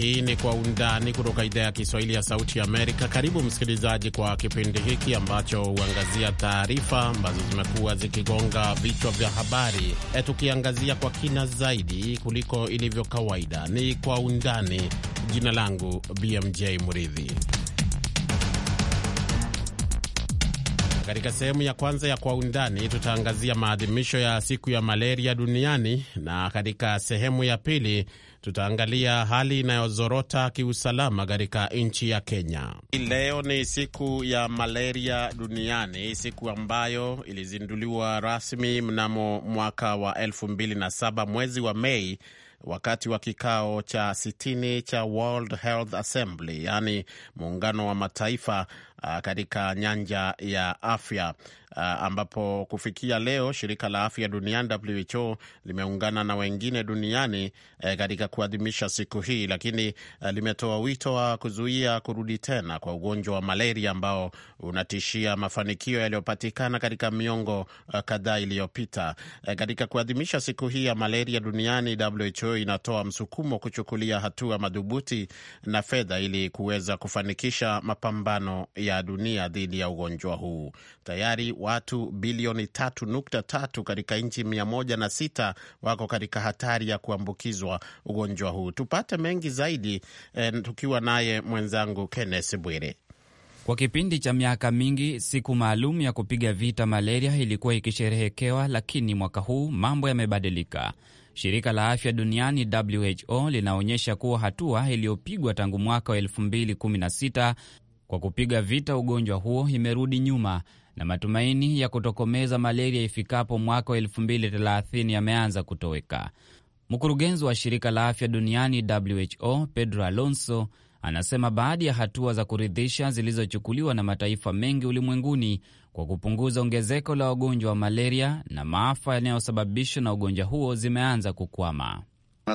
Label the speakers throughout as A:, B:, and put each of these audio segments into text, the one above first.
A: Hii ni Kwa Undani kutoka idhaa ya Kiswahili ya Sauti ya Amerika. Karibu msikilizaji, kwa kipindi hiki ambacho huangazia taarifa ambazo zimekuwa zikigonga vichwa vya habari, eh, tukiangazia kwa kina zaidi kuliko ilivyo kawaida. Ni Kwa Undani. Jina langu BMJ Muridhi. Katika sehemu ya kwanza ya Kwa Undani tutaangazia maadhimisho ya siku ya malaria duniani, na katika sehemu ya pili tutaangalia hali inayozorota kiusalama katika nchi ya Kenya. Leo ni siku ya malaria duniani, siku ambayo ilizinduliwa rasmi mnamo mwaka wa 2007 mwezi wa Mei wakati wa kikao cha 60 cha World Health Assembly, yaani muungano wa mataifa Uh, katika nyanja ya afya uh, ambapo kufikia leo shirika la afya duniani WHO limeungana na wengine duniani eh, katika kuadhimisha siku hii, lakini uh, limetoa wito wa kuzuia kurudi tena kwa ugonjwa wa malaria ambao unatishia mafanikio yaliyopatikana katika miongo uh, kadhaa iliyopita. Eh, katika kuadhimisha siku hii ya malaria duniani, WHO inatoa msukumo kuchukulia hatua madhubuti na fedha ili kuweza kufanikisha mapambano ya dunia dhidi ya ugonjwa huu. Tayari watu bilioni 3.3 katika nchi 106 wako katika hatari ya kuambukizwa ugonjwa huu. Tupate mengi zaidi eh, tukiwa naye mwenzangu Kenneth
B: Bwire. Kwa kipindi cha miaka mingi siku maalum ya kupiga vita malaria ilikuwa ikisherehekewa, lakini mwaka huu mambo yamebadilika. Shirika la afya duniani WHO linaonyesha kuwa hatua iliyopigwa tangu mwaka wa kwa kupiga vita ugonjwa huo imerudi nyuma na matumaini ya kutokomeza malaria ifikapo mwaka wa 230 yameanza kutoweka. Mkurugenzi wa shirika la afya duniani WHO Pedro Alonso anasema baadhi ya hatua za kuridhisha zilizochukuliwa na mataifa mengi ulimwenguni kwa kupunguza ongezeko la wagonjwa wa malaria na maafa yanayosababishwa na ugonjwa huo zimeanza kukwama.
C: Uh,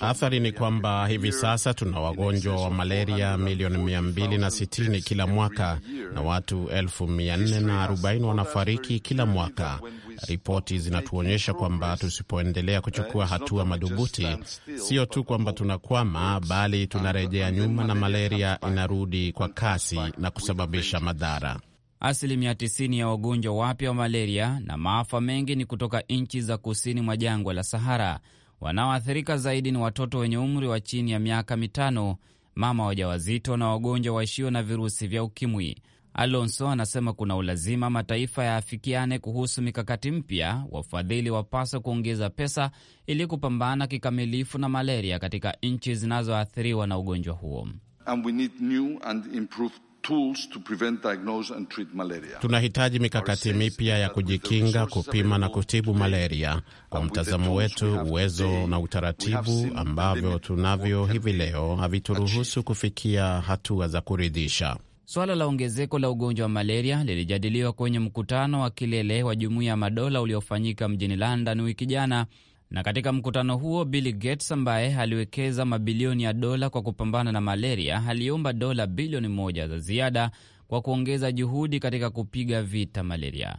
C: Athari
A: ni kwamba hivi sasa tuna wagonjwa wa malaria milioni 260 kila mwaka na watu 440 wanafariki kila mwaka. Ripoti zinatuonyesha kwamba tusipoendelea uh, kuchukua hatua madhubuti, sio tu kwamba tunakwama, bali tunarejea nyuma na malaria inarudi kwa kasi na kusababisha madhara.
B: Asilimia 90 ya wagonjwa wapya wa malaria na maafa mengi ni kutoka nchi za kusini mwa jangwa la Sahara. Wanaoathirika zaidi ni watoto wenye umri wa chini ya miaka mitano, mama wajawazito na wagonjwa waishio na virusi vya ukimwi. Alonso anasema kuna ulazima mataifa yaafikiane kuhusu mikakati mpya. Wafadhili wapaswa kuongeza pesa ili kupambana kikamilifu na malaria katika nchi zinazoathiriwa na ugonjwa huo.
C: And we need new and improved tools to prevent, diagnose and treat malaria.
A: Tunahitaji mikakati mipya ya kujikinga, kupima na kutibu malaria kwa mtazamo wetu. Uwezo na utaratibu ambavyo tunavyo hivi leo havituruhusu kufikia hatua za kuridhisha.
B: Suala la ongezeko la ugonjwa wa malaria lilijadiliwa kwenye mkutano wa kilele wa Jumuiya ya Madola uliofanyika mjini London wiki jana na katika mkutano huo Bill Gates ambaye aliwekeza mabilioni ya dola kwa kupambana na malaria aliomba dola bilioni moja za ziada kwa kuongeza juhudi katika kupiga vita malaria.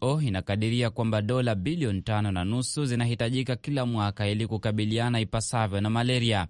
B: WHO inakadiria kwamba dola bilioni tano na nusu zinahitajika kila mwaka ili kukabiliana ipasavyo na malaria.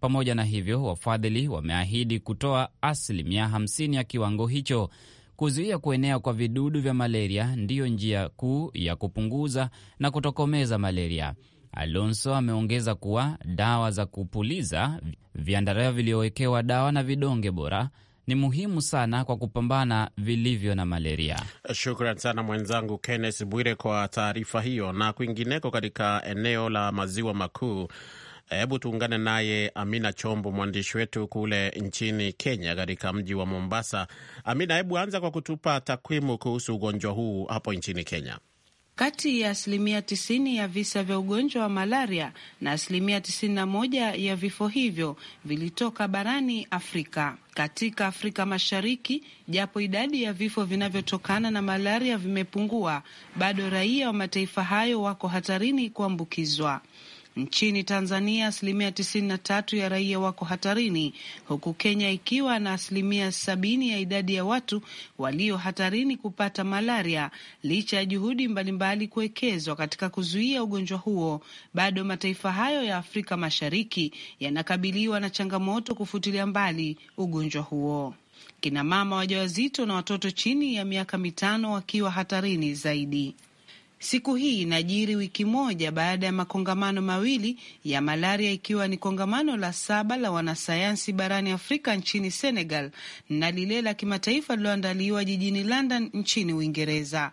B: Pamoja na hivyo, wafadhili wameahidi kutoa asilimia 50 ya kiwango hicho. Kuzuia kuenea kwa vidudu vya malaria ndiyo njia kuu ya kupunguza na kutokomeza malaria. Alonso ameongeza kuwa dawa za kupuliza, viandarao viliowekewa dawa na vidonge bora ni muhimu sana kwa kupambana vilivyo na malaria.
A: Shukran sana mwenzangu Kenneth Bwire kwa taarifa hiyo. Na kwingineko katika eneo la maziwa makuu Hebu tuungane naye Amina Chombo, mwandishi wetu kule nchini Kenya, katika mji wa Mombasa. Amina, hebu anza kwa kutupa takwimu kuhusu ugonjwa huu hapo nchini Kenya.
C: Kati ya asilimia tisini ya visa vya ugonjwa wa malaria na asilimia tisini na moja ya vifo hivyo vilitoka barani Afrika. Katika Afrika Mashariki, japo idadi ya vifo vinavyotokana na malaria vimepungua, bado raia wa mataifa hayo wako hatarini kuambukizwa. Nchini Tanzania asilimia tisini na tatu ya raia wako hatarini, huku Kenya ikiwa na asilimia sabini ya idadi ya watu walio hatarini kupata malaria. Licha ya juhudi mbalimbali kuwekezwa katika kuzuia ugonjwa huo, bado mataifa hayo ya Afrika Mashariki yanakabiliwa na changamoto kufutilia mbali ugonjwa huo. Kina mama wajawazito na watoto chini ya miaka mitano wakiwa hatarini zaidi. Siku hii inajiri wiki moja baada ya makongamano mawili ya malaria, ikiwa ni kongamano la saba la wanasayansi barani Afrika nchini Senegal na lile la kimataifa lililoandaliwa jijini London nchini Uingereza.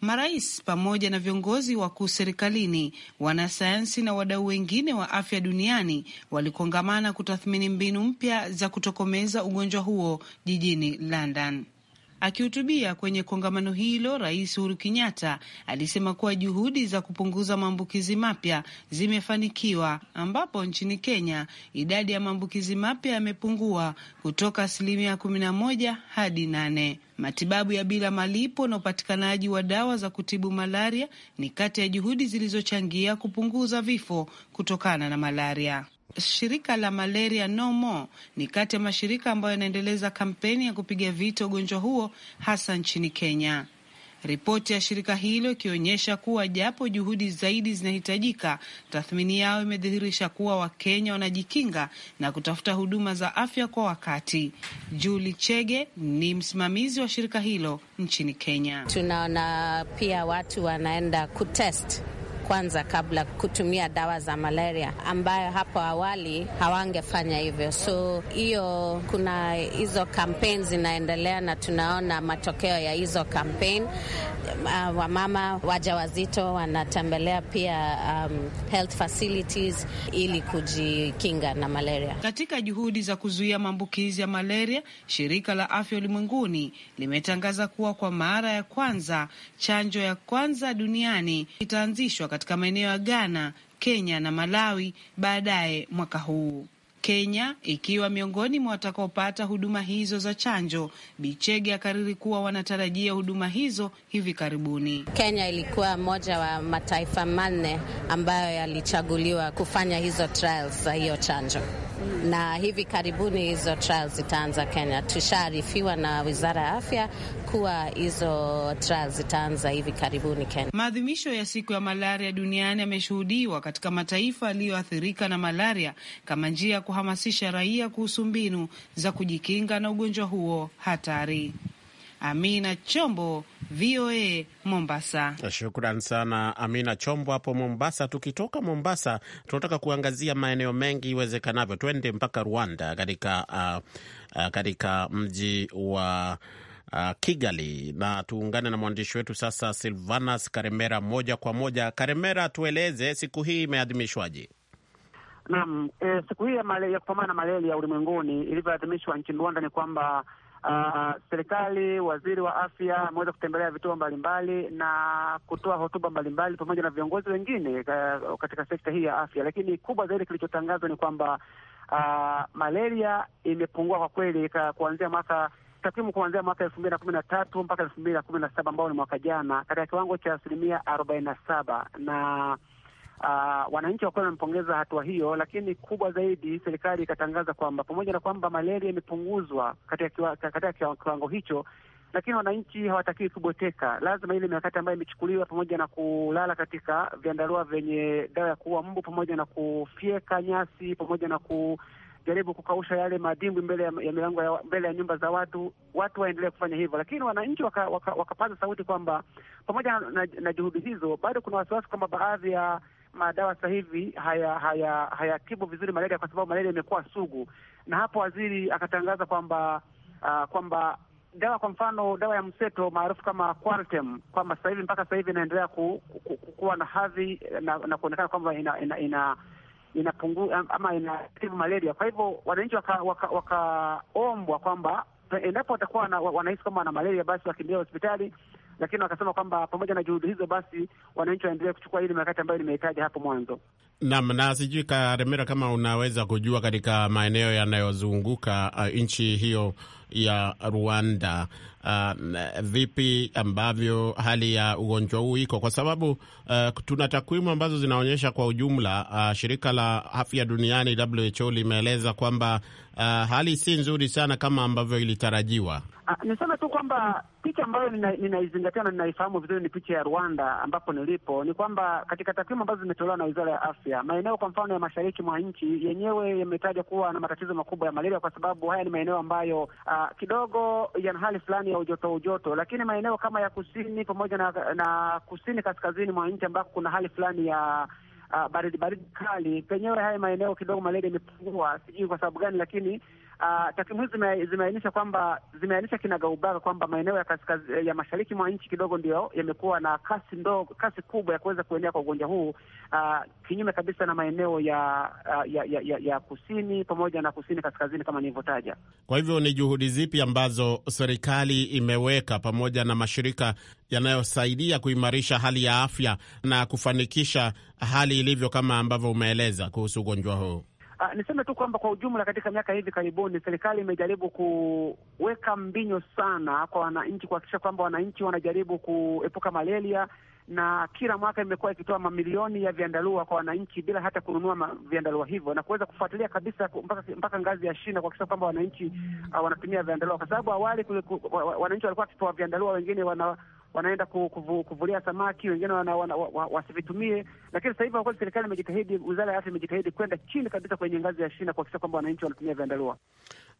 C: Marais pamoja na viongozi wakuu serikalini, wanasayansi na wadau wengine wa afya duniani walikongamana kutathmini mbinu mpya za kutokomeza ugonjwa huo jijini London. Akihutubia kwenye kongamano hilo, Rais Uhuru Kenyatta alisema kuwa juhudi za kupunguza maambukizi mapya zimefanikiwa, ambapo nchini Kenya idadi ya maambukizi mapya yamepungua kutoka asilimia kumi na moja hadi nane. Matibabu ya bila malipo na upatikanaji wa dawa za kutibu malaria ni kati ya juhudi zilizochangia kupunguza vifo kutokana na malaria. Shirika la Malaria No More ni kati ya mashirika ambayo yanaendeleza kampeni ya kupiga vita ugonjwa huo hasa nchini Kenya. Ripoti ya shirika hilo ikionyesha kuwa japo juhudi zaidi zinahitajika, tathmini yao imedhihirisha kuwa Wakenya wanajikinga na kutafuta huduma za afya kwa wakati. Juli Chege ni msimamizi wa shirika hilo nchini Kenya.
D: Tunaona pia watu wanaenda kutest kwanza kabla kutumia dawa za malaria, ambayo hapo awali hawangefanya hivyo. So hiyo, kuna hizo kampen zinaendelea na tunaona matokeo ya hizo kampen Uh, wamama wajawazito wanatembelea pia um, health facilities ili kujikinga na malaria.
C: Katika juhudi za kuzuia maambukizi ya malaria, shirika la afya ulimwenguni limetangaza kuwa kwa mara ya kwanza chanjo ya kwanza duniani itaanzishwa katika maeneo ya Ghana, Kenya na Malawi baadaye mwaka huu. Kenya ikiwa miongoni mwa watakaopata huduma hizo za chanjo. Bichege akariri kuwa wanatarajia huduma hizo hivi karibuni.
D: Kenya ilikuwa moja wa mataifa manne ambayo yalichaguliwa kufanya hizo trials za hiyo chanjo na hivi karibuni hizo trial zitaanza Kenya. Tushaarifiwa na wizara ya afya kuwa hizo trial zitaanza hivi karibuni Kenya.
C: Maadhimisho ya siku ya malaria duniani yameshuhudiwa katika mataifa yaliyoathirika na malaria kama njia ya kuhamasisha raia kuhusu mbinu za kujikinga na ugonjwa huo
A: hatari. Amina
C: Chombo, VOA
A: Mombasa. Shukran sana Amina Chombo hapo Mombasa. Tukitoka Mombasa, tunataka kuangazia maeneo mengi iwezekanavyo, twende mpaka Rwanda, katika uh, uh, katika mji wa uh, Kigali, na tuungane na mwandishi wetu sasa Silvanas Karemera moja kwa moja. Karemera, tueleze siku hii imeadhimishwaje?
E: Naam, e, siku hii ya kupambana na malaria ulimwenguni ilivyoadhimishwa nchini Rwanda ni kwamba Uh, serikali, waziri wa afya ameweza kutembelea vituo mbalimbali na kutoa hotuba mbalimbali pamoja na viongozi wengine uh, katika sekta hii ya afya, lakini kubwa zaidi kilichotangazwa ni kwamba uh, malaria imepungua kwa kweli kuanzia mwaka takwimu kuanzia mwaka elfu mbili na kumi na tatu mpaka elfu mbili na kumi na saba ambao ni mwaka jana katika kiwango cha asilimia arobaini na saba na uh, wananchi wakuwa wamempongeza hatua hiyo, lakini kubwa zaidi serikali ikatangaza kwamba pamoja na kwamba malaria imepunguzwa katika kiwa, kiwango hicho, lakini wananchi hawatakiwi kuboteka. Lazima ile mikakati ambayo imechukuliwa pamoja na kulala katika vyandarua vyenye dawa ya kuua mbu pamoja na kufyeka nyasi pamoja na ku jaribu kukausha yale madimbwi mbele ya, ya milango ya, mbele ya nyumba za watu. Watu waendelee kufanya hivyo, lakini wananchi wakapaza waka, waka sauti kwamba pamoja na, na, na juhudi hizo bado kuna wasiwasi kwamba baadhi ya madawa sasa hivi hayatibu haya, hayatibu vizuri malaria kwa sababu malaria imekuwa sugu, na hapo waziri akatangaza kwamba uh, kwamba dawa kwa mfano dawa ya mseto maarufu kama Quartem kwamba sasa hivi mpaka sasa hivi inaendelea ku, ku, ku, kuwa na hadhi na, na kuonekana kwamba ina, ina, ina inapungu ama inatibu malaria. Kwa hivyo wananchi wakaombwa waka, waka kwamba endapo watakuwa wanahisi kama wana malaria, basi wakimbia hospitali lakini wakasema kwamba pamoja na juhudi hizo, basi wananchi waendelee kuchukua ile mikakati ambayo nimehitaja hapo mwanzo.
A: Nam na sijui Karemera, kama unaweza kujua katika maeneo yanayozunguka uh, nchi hiyo ya Rwanda uh, vipi ambavyo hali ya ugonjwa huu iko, kwa sababu uh, tuna takwimu ambazo zinaonyesha kwa ujumla uh, shirika la afya duniani WHO limeeleza kwamba uh, hali si nzuri sana kama ambavyo ilitarajiwa.
E: Uh, niseme tu kwamba picha ambayo ninaizingatia nina na ninaifahamu vizuri ni picha ya Rwanda ambapo nilipo, ni kwamba katika takwimu ambazo zimetolewa na wizara ya afya malaria. Maeneo kwa mfano ya mashariki mwa nchi yenyewe yametaja kuwa na matatizo makubwa ya malaria, kwa sababu haya ni maeneo ambayo uh, kidogo yana hali fulani ya ujoto ujoto, lakini maeneo kama ya kusini pamoja na, na kusini kaskazini mwa nchi ambako kuna hali fulani ya uh, baridi baridi kali, penyewe haya maeneo kidogo malaria imepungua, sijui kwa sababu gani, lakini Uh, takwimu hizi zimeainisha kwamba zimeainisha kinagaubaga kwamba maeneo ya eh, ya mashariki mwa nchi kidogo ndio yamekuwa na kasi ndo, kasi kubwa ya kuweza kuenea kwa ugonjwa huu uh, kinyume kabisa na maeneo ya, uh, ya, ya, ya, ya kusini pamoja na kusini kaskazini kama nilivyotaja.
A: Kwa hivyo ni juhudi zipi ambazo serikali imeweka pamoja na mashirika yanayosaidia kuimarisha hali ya afya na kufanikisha hali ilivyo kama ambavyo umeeleza kuhusu ugonjwa huu?
E: Ah, niseme tu kwamba kwa ujumla katika miaka hivi karibuni serikali imejaribu kuweka mbinyo sana kwa wananchi kuhakikisha kwamba wananchi wanajaribu kuepuka malaria, na kila mwaka imekuwa ikitoa mamilioni ya viandarua kwa wananchi bila hata kununua viandarua hivyo, na kuweza kufuatilia kabisa mpaka, mpaka ngazi ya shina kuhakikisha kwamba wananchi uh, wanatumia viandalua kwa sababu awali wananchi walikuwa wakitoa viandarua, wengine wana wanaenda kuvu, kuvulia samaki, wengine wasivitumie. Lakini sasa hivi kwa kweli serikali imejitahidi, wizara ya afya imejitahidi kwenda chini kabisa kwenye ngazi ya shina kuhakikisha kwamba wananchi wanatumia vyandarua.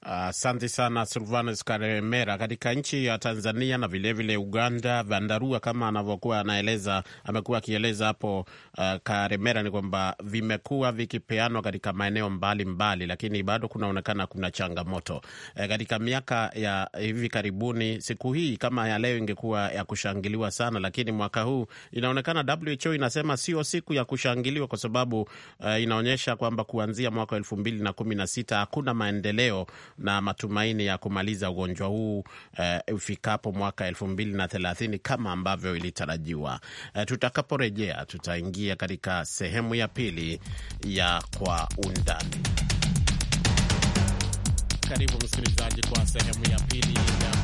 A: Asante uh, sana Silvanus Karemera. Katika nchi ya Tanzania na vilevile vile Uganda, vyandarua kama anavyokuwa anaeleza amekuwa akieleza hapo uh, Karemera ni kwamba vimekuwa vikipeanwa katika maeneo mbalimbali mbali, lakini bado kunaonekana kuna changamoto uh, katika miaka ya hivi karibuni. Siku hii kama ya leo ingekuwa ya kush kushangiliwa sana, lakini mwaka huu inaonekana WHO inasema sio siku ya kushangiliwa kwa sababu uh, inaonyesha kwamba kuanzia mwaka elfu mbili na kumi na sita hakuna maendeleo na matumaini ya kumaliza ugonjwa huu ifikapo eh, ufikapo mwaka elfu mbili na thelathini kama ambavyo ilitarajiwa. Uh, tutakaporejea tutaingia katika sehemu ya pili ya kwa undani. Karibu msikilizaji kwa sehemu ya pili ya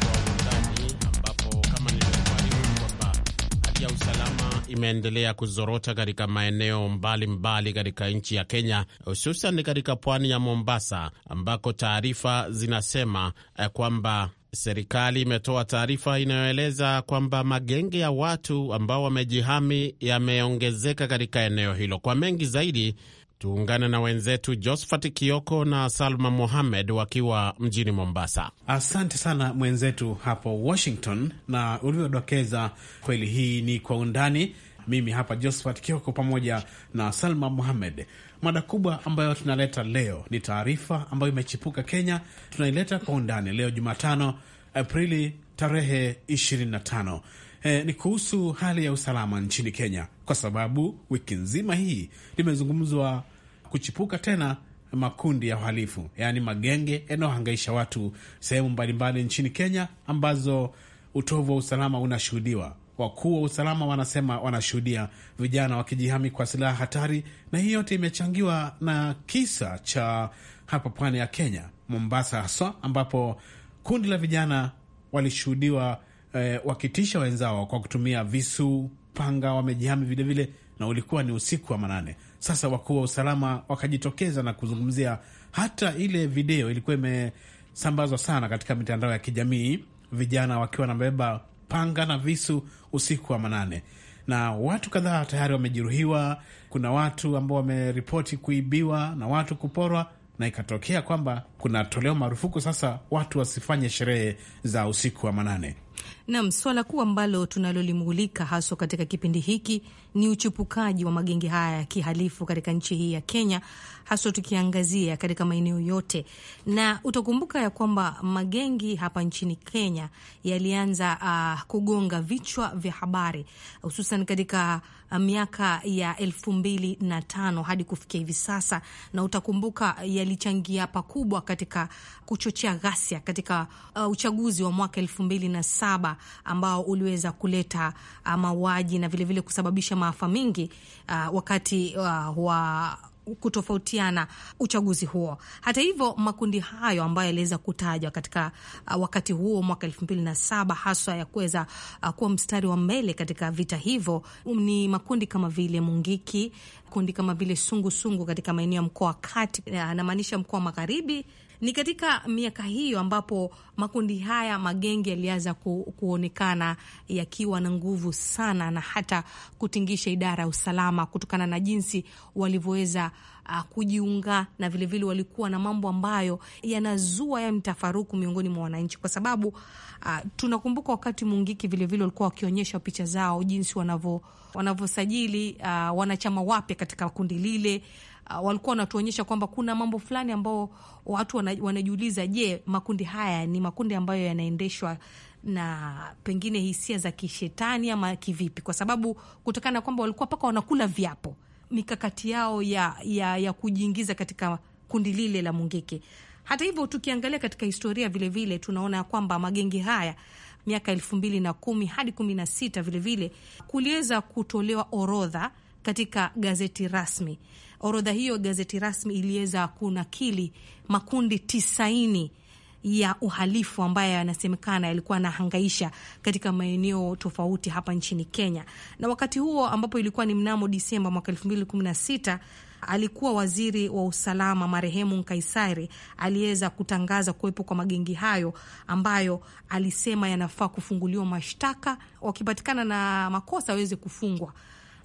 A: ya usalama imeendelea kuzorota katika maeneo mbalimbali katika nchi ya Kenya, hususan katika pwani ya Mombasa, ambako taarifa zinasema eh, kwamba serikali imetoa taarifa inayoeleza kwamba magenge ya watu ambao wamejihami yameongezeka katika eneo hilo. Kwa mengi zaidi Tuungane na wenzetu Josphat Kioko na Salma Mohamed wakiwa mjini Mombasa. Asante sana mwenzetu hapo Washington na uliodokeza kweli. Hii ni Kwa Undani.
F: Mimi hapa Josphat Kioko pamoja na Salma Mohamed. Mada kubwa ambayo tunaleta leo ni taarifa ambayo imechipuka Kenya, tunaileta kwa undani leo Jumatano, Aprili tarehe 25 eh, ni kuhusu hali ya usalama nchini Kenya, kwa sababu wiki nzima hii limezungumzwa kuchipuka tena makundi ya uhalifu, yaani magenge yanayohangaisha watu sehemu mbalimbali nchini Kenya ambazo utovu wa usalama unashuhudiwa. Wakuu wa usalama wanasema wanashuhudia vijana wakijihami kwa silaha hatari, na hii yote imechangiwa na kisa cha hapa pwani ya Kenya, Mombasa haswa, ambapo kundi la vijana walishuhudiwa eh, wakitisha wenzao kwa kutumia visu, panga, wamejihami vilevile, na ulikuwa ni usiku wa manane. Sasa wakuu wa usalama wakajitokeza na kuzungumzia, hata ile video ilikuwa imesambazwa sana katika mitandao ya kijamii, vijana wakiwa wanabeba panga na visu usiku wa manane na watu kadhaa tayari wamejeruhiwa. Kuna watu ambao wameripoti kuibiwa na watu kuporwa, na ikatokea kwamba kuna toleo marufuku sasa watu wasifanye sherehe za usiku wa manane.
D: Nam, swala kuu ambalo tunalolimulika haswa katika kipindi hiki ni uchupukaji wa magenge haya ya kihalifu katika nchi hii ya Kenya, haswa tukiangazia katika maeneo yote, na utakumbuka ya kwamba magengi hapa nchini Kenya yalianza uh, kugonga vichwa vya habari hususan katika miaka ya elfu mbili na tano hadi kufikia hivi sasa, na utakumbuka yalichangia pakubwa katika kuchochea ghasia katika uh, uchaguzi wa mwaka elfu mbili na saba ambao uliweza kuleta uh, mauaji na vilevile vile kusababisha maafa mengi uh, wakati uh, wa kutofautiana uchaguzi huo. Hata hivyo, makundi hayo ambayo yaliweza kutajwa katika uh, wakati huo mwaka elfu mbili na saba haswa ya kuweza uh, kuwa mstari wa mbele katika vita hivyo um, ni makundi kama vile Mungiki, kundi kama vile sungusungu katika maeneo ya mkoa wa kati, anamaanisha uh, mkoa wa magharibi ni katika miaka hiyo ambapo makundi haya magenge yalianza ku, kuonekana yakiwa na nguvu sana na hata kutingisha idara ya usalama kutokana na jinsi walivyoweza uh, kujiunga na vilevile vile walikuwa na mambo ambayo yanazua ya mtafaruku miongoni mwa wananchi, kwa sababu uh, tunakumbuka wakati Mungiki vilevile walikuwa wakionyesha picha zao jinsi wanavyo wanavyosajili uh, wanachama wapya katika kundi lile Ah, walikuwa wanatuonyesha kwamba kuna mambo fulani ambao watu wanajiuliza, je, makundi haya ni makundi ambayo yanaendeshwa na pengine hisia za kishetani ama kivipi? Kwa sababu kutokana na kwamba walikuwa mpaka wanakula viapo, mikakati yao ya, ya, ya kujiingiza katika kundi lile la Mungiki. Hata hivyo tukiangalia katika historia vilevile vile, tunaona ya kwamba magengi haya miaka elfu mbili na kumi hadi kumi na sita vilevile kuliweza kutolewa orodha katika gazeti rasmi Orodha hiyo gazeti rasmi iliweza kunakili makundi tisaini ya uhalifu ambayo yanasemekana yalikuwa yanahangaisha katika maeneo tofauti hapa nchini Kenya. Na wakati huo ambapo ilikuwa ni mnamo Disemba mwaka sita alikuwa waziri wa usalama marehemu Nkaisari aliweza kutangaza kuwepo kwa magengi hayo ambayo alisema yanafaa kufunguliwa mashtaka, wakipatikana na makosa waweze kufungwa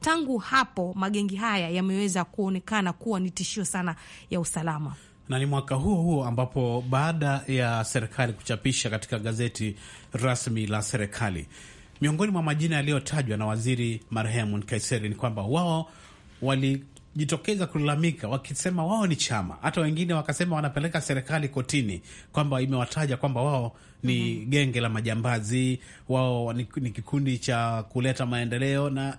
D: tangu hapo magengi haya yameweza kuonekana kuwa ni tishio sana ya usalama
F: na ni mwaka huo huo ambapo baada ya serikali kuchapisha katika gazeti rasmi la serikali, miongoni mwa majina yaliyotajwa na waziri marehemu Nkaiseri ni kwamba wao wali jitokeza kulalamika wakisema wao ni chama, hata wengine wakasema wanapeleka serikali kotini kwamba imewataja kwamba wao ni mm -hmm. genge la majambazi, wao ni, ni kikundi cha kuleta maendeleo, na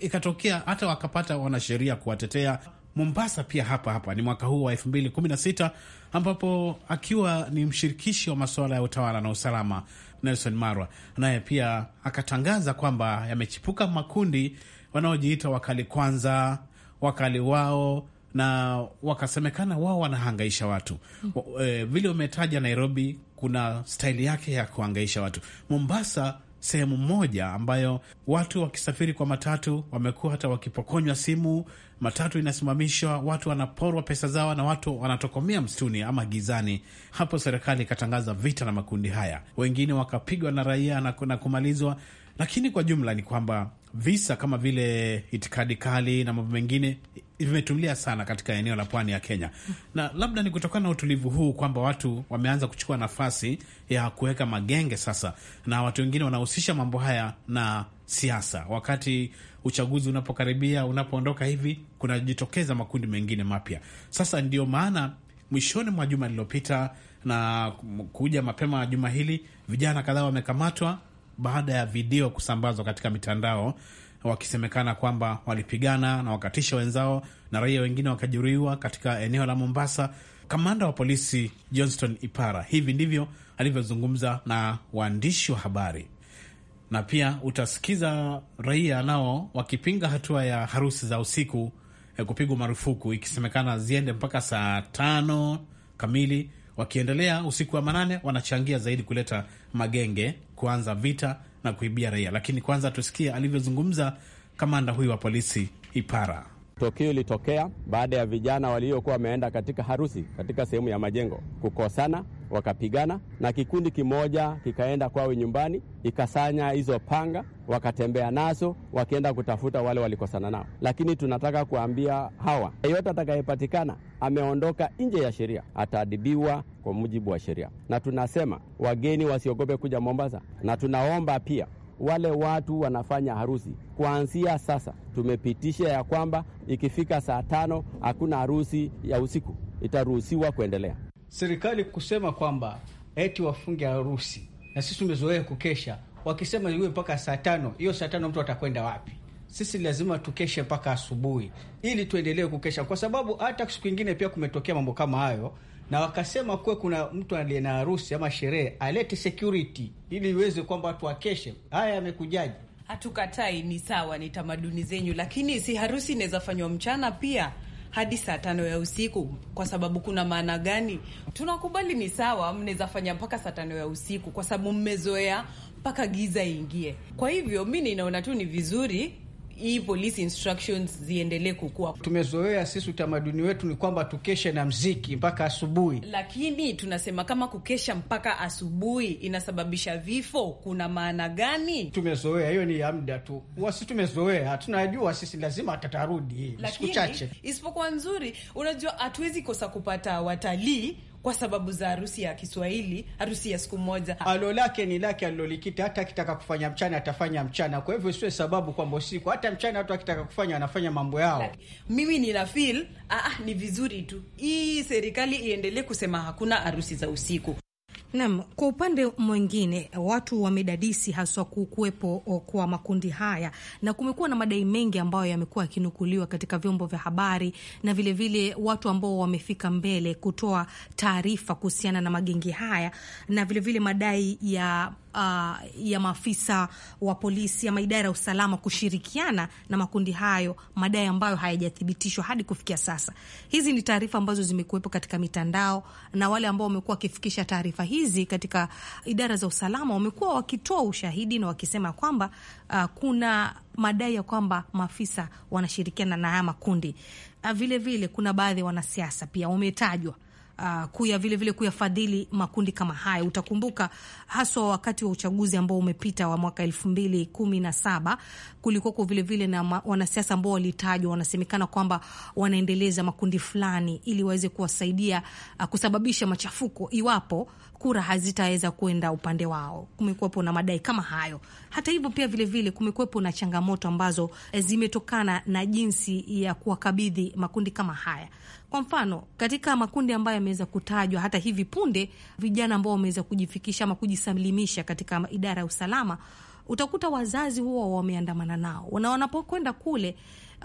F: ikatokea hata wakapata wanasheria kuwatetea. Mombasa pia hapa hapa ni mwaka huu wa sita ambapo akiwa ni mshirikishi wa masuala ya utawala na usalama Nelson Marwa naye pia akatangaza kwamba yamechipuka makundi wanaojiita wakali kwanza wakali wao na wakasemekana wao wanahangaisha watu mm. E, vile umetaja Nairobi kuna staili yake ya kuhangaisha watu. Mombasa sehemu moja ambayo watu wakisafiri kwa matatu wamekuwa hata wakipokonywa simu, matatu inasimamishwa, watu wanaporwa pesa zao na watu wanatokomea msituni ama gizani. Hapo serikali ikatangaza vita na makundi haya, wengine wakapigwa na raia na kumalizwa. Lakini kwa jumla ni kwamba visa kama vile itikadi kali na mambo mengine vimetulia sana katika eneo la pwani ya Kenya, na labda ni kutokana na utulivu huu kwamba watu wameanza kuchukua nafasi ya kuweka magenge sasa, na watu wengine wanahusisha mambo haya na siasa. Wakati uchaguzi unapokaribia, unapoondoka hivi, kunajitokeza makundi mengine mapya. Sasa ndio maana mwishoni mwa juma lililopita na kuja mapema juma hili, vijana kadhaa wamekamatwa baada ya video kusambazwa katika mitandao wakisemekana kwamba walipigana na wakatisha wenzao na raia wengine wakajeruhiwa katika eneo la Mombasa. Kamanda wa polisi Johnston Ipara, hivi ndivyo alivyozungumza na waandishi wa habari, na pia utasikiza raia nao wakipinga hatua ya harusi za usiku eh, kupigwa marufuku, ikisemekana ziende mpaka saa tano kamili wakiendelea usiku wa manane, wanachangia zaidi kuleta magenge kuanza vita na kuibia raia. Lakini kwanza tusikie alivyozungumza kamanda huyu wa polisi Ipara.
G: Tukio ilitokea baada ya vijana waliokuwa wameenda katika harusi katika sehemu ya majengo kukosana wakapigana, na kikundi kimoja kikaenda kwao nyumbani, ikasanya hizo panga, wakatembea nazo wakienda kutafuta wale walikosana nao. Lakini tunataka kuambia hawa, yeyote atakayepatikana ameondoka nje ya sheria ataadhibiwa kwa mujibu wa sheria, na tunasema wageni wasiogope kuja Mombasa, na tunaomba pia wale watu wanafanya harusi kuanzia sasa, tumepitisha ya kwamba ikifika saa tano hakuna harusi ya usiku itaruhusiwa kuendelea serikali kusema kwamba eti wafunge harusi, na sisi tumezoea kukesha, wakisema iwe mpaka saa tano, hiyo saa tano mtu atakwenda wapi? Sisi lazima tukeshe mpaka asubuhi ili tuendelee kukesha, kwa sababu hata siku ingine pia kumetokea mambo kama hayo, na wakasema kuwe kuna mtu aliye na harusi ama sherehe alete security ili iweze kwamba watu wakeshe. Haya yamekujaje?
H: Hatukatai, ni sawa, ni tamaduni zenyu, lakini si harusi inaweza fanywa mchana pia? hadi saa tano ya usiku. Kwa sababu kuna maana gani? Tunakubali ni sawa, mnaweza fanya mpaka saa tano ya usiku kwa sababu mmezoea mpaka giza ingie. Kwa hivyo mi ninaona tu ni vizuri hii police
G: instructions ziendelee kukua. Tumezoea sisi, utamaduni wetu ni kwamba tukeshe na mziki mpaka asubuhi,
H: lakini tunasema kama kukesha mpaka asubuhi inasababisha vifo, kuna maana gani?
G: Tumezoea hiyo, ni ya muda tu, wasi tumezoea, tunajua sisi lazima atatarudi siku chache,
H: isipokuwa nzuri. Unajua hatuwezi kosa kupata
G: watalii kwa sababu za harusi ya Kiswahili, harusi ya siku moja. Alo lake ni lake alilolikita, hata akitaka kufanya mchana atafanya mchana. Kwa hivyo sio sababu kwamba usiku, hata mchana watu akitaka kufanya wanafanya mambo yao.
H: Laki, mimi nina feel ah, ah, ni vizuri tu hii serikali iendelee kusema hakuna harusi za usiku.
D: Naam, kwa upande mwingine watu wamedadisi haswa kukuwepo kwa makundi haya, na kumekuwa na madai mengi ambayo yamekuwa yakinukuliwa katika vyombo vya habari na vilevile vile watu ambao wamefika mbele kutoa taarifa kuhusiana na magengi haya na vilevile vile madai ya Uh, ya maafisa wa polisi ama idara ya usalama kushirikiana na makundi hayo, madai ambayo hayajathibitishwa hadi kufikia sasa. Hizi ni taarifa ambazo zimekuwepo katika mitandao na wale ambao wamekuwa wakifikisha taarifa hii hizi katika idara za usalama wamekuwa wakitoa ushahidi na wakisema kwamba uh, kuna madai ya kwamba maafisa wanashirikiana na haya makundi. Vilevile uh, kuna baadhi ya wanasiasa pia wametajwa uh, kuya vile vile kuyafadhili makundi kama haya. Utakumbuka haswa wakati wa uchaguzi ambao umepita wa mwaka elfu mbili kumi na saba kulikuwako vile vile na wanasiasa ambao walitajwa, wanasemekana kwamba wanaendeleza makundi fulani ili waweze kuwasaidia uh, kusababisha machafuko iwapo kura hazitaweza kwenda upande wao. Kumekuwepo na madai kama hayo. Hata hivyo, pia vilevile kumekuwepo na changamoto ambazo eh, zimetokana na jinsi ya kuwakabidhi makundi kama haya. Kwa mfano katika makundi ambayo yameweza kutajwa hata hivi punde, vijana ambao wameweza kujifikisha ama kujisalimisha katika idara ya usalama, utakuta wazazi huwa wameandamana nao, na wanapokwenda kule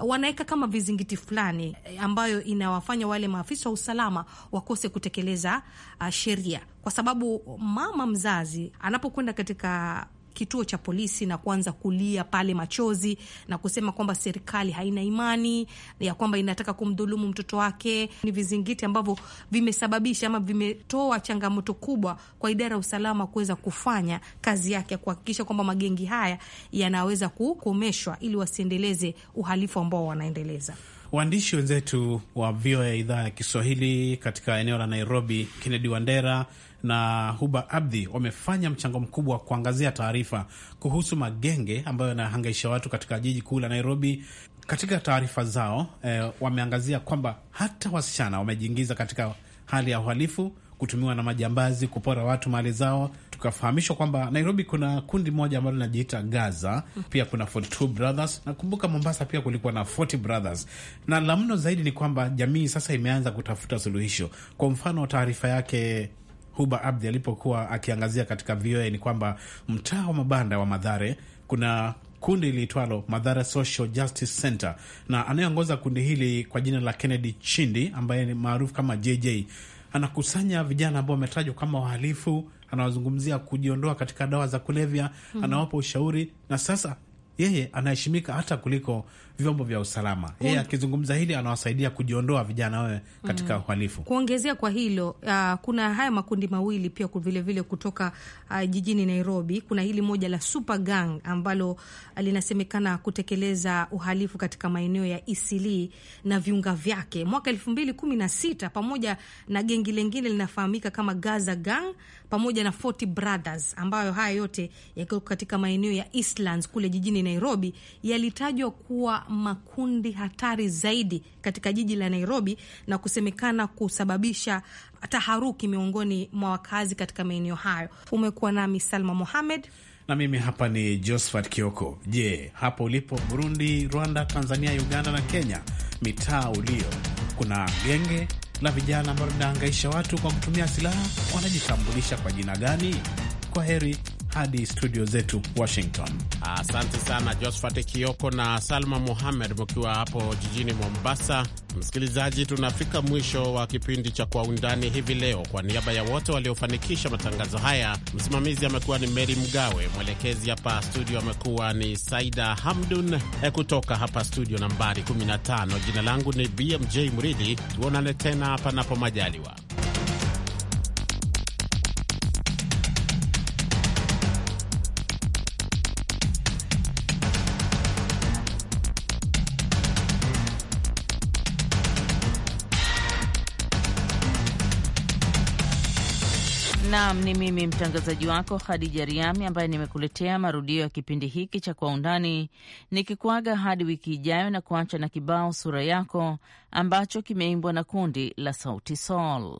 D: wanaweka kama vizingiti fulani eh, ambayo inawafanya wale maafisa wa usalama wakose kutekeleza uh, sheria, kwa sababu mama mzazi anapokwenda katika kituo cha polisi na kuanza kulia pale machozi na kusema kwamba serikali haina imani ya kwamba inataka kumdhulumu mtoto wake. Ni vizingiti ambavyo vimesababisha ama vimetoa changamoto kubwa kwa idara ya usalama kuweza kufanya kazi yake ya kuhakikisha kwamba magengi haya yanaweza kukomeshwa ili wasiendeleze uhalifu ambao wanaendeleza.
F: Waandishi wenzetu wa VOA idhaa ya Kiswahili katika eneo la Nairobi, Kennedy Wandera na Huba Abdi wamefanya mchango mkubwa wa kuangazia taarifa kuhusu magenge ambayo yanahangaisha watu katika jiji kuu la Nairobi. Katika taarifa zao eh, wameangazia kwamba hata wasichana wamejiingiza katika hali ya uhalifu, kutumiwa na majambazi kupora watu mali zao tukafahamishwa kwamba Nairobi kuna kundi moja ambalo linajiita Gaza, pia kuna 42 Brothers. Nakumbuka Mombasa pia kulikuwa na 40 Brothers, na la mno zaidi ni kwamba jamii sasa imeanza kutafuta suluhisho. Kwa mfano, taarifa yake Huba Abdi alipokuwa akiangazia katika VOA ni kwamba mtaa wa mabanda wa Madhare kuna kundi liitwalo Madhara Social Justice Center, na anayeongoza kundi hili kwa jina la Kennedy Chindi ambaye ni maarufu kama JJ anakusanya vijana ambao wametajwa kama wahalifu, anawazungumzia kujiondoa katika dawa za kulevya, mhm. anawapa ushauri na sasa yeye anaheshimika hata kuliko vyombo vya usalama. Yeye akizungumza hili anawasaidia kujiondoa vijana wewe katika mm. uhalifu. Mm.
D: Kuongezea kwa hilo, uh, kuna haya makundi mawili pia vilevile vile kutoka uh, jijini Nairobi. Kuna hili moja la super gang ambalo ah, linasemekana kutekeleza uhalifu katika maeneo ya Isili na viunga vyake mwaka elfu mbili kumi na sita pamoja na gengi lengine linafahamika kama Gaza Gang pamoja na 40 Brothers ambayo haya yote yakiwa katika maeneo ya Eastlands kule jijini Nairobi yalitajwa kuwa makundi hatari zaidi katika jiji la Nairobi na kusemekana kusababisha taharuki miongoni mwa wakazi katika maeneo hayo. Umekuwa nami Salma Mohamed
F: na mimi hapa ni Josephat Kioko. Je, hapo ulipo Burundi, Rwanda, Tanzania, Uganda na Kenya, mitaa ulio kuna genge la vijana ambalo linaangaisha watu kwa kutumia silaha, wanajitambulisha kwa jina gani? Kwa heri hadi studio zetu Washington.
A: Asante sana Josphat Kioko na Salma Muhamed mkiwa hapo jijini Mombasa. Msikilizaji, tunafika mwisho wa kipindi cha Kwa Undani hivi leo. Kwa niaba ya wote waliofanikisha matangazo haya, msimamizi amekuwa ni Meri Mgawe, mwelekezi hapa studio amekuwa ni Saida Hamdun. Eh, kutoka hapa studio nambari 15, jina langu ni BMJ Mridhi. Tuonane tena panapo majaliwa.
C: Naam, ni mimi mtangazaji wako Khadija Riami ambaye nimekuletea marudio ya kipindi hiki cha Kwa Undani, nikikuaga hadi wiki ijayo na kuacha na kibao Sura Yako ambacho kimeimbwa na kundi la Sauti Sol.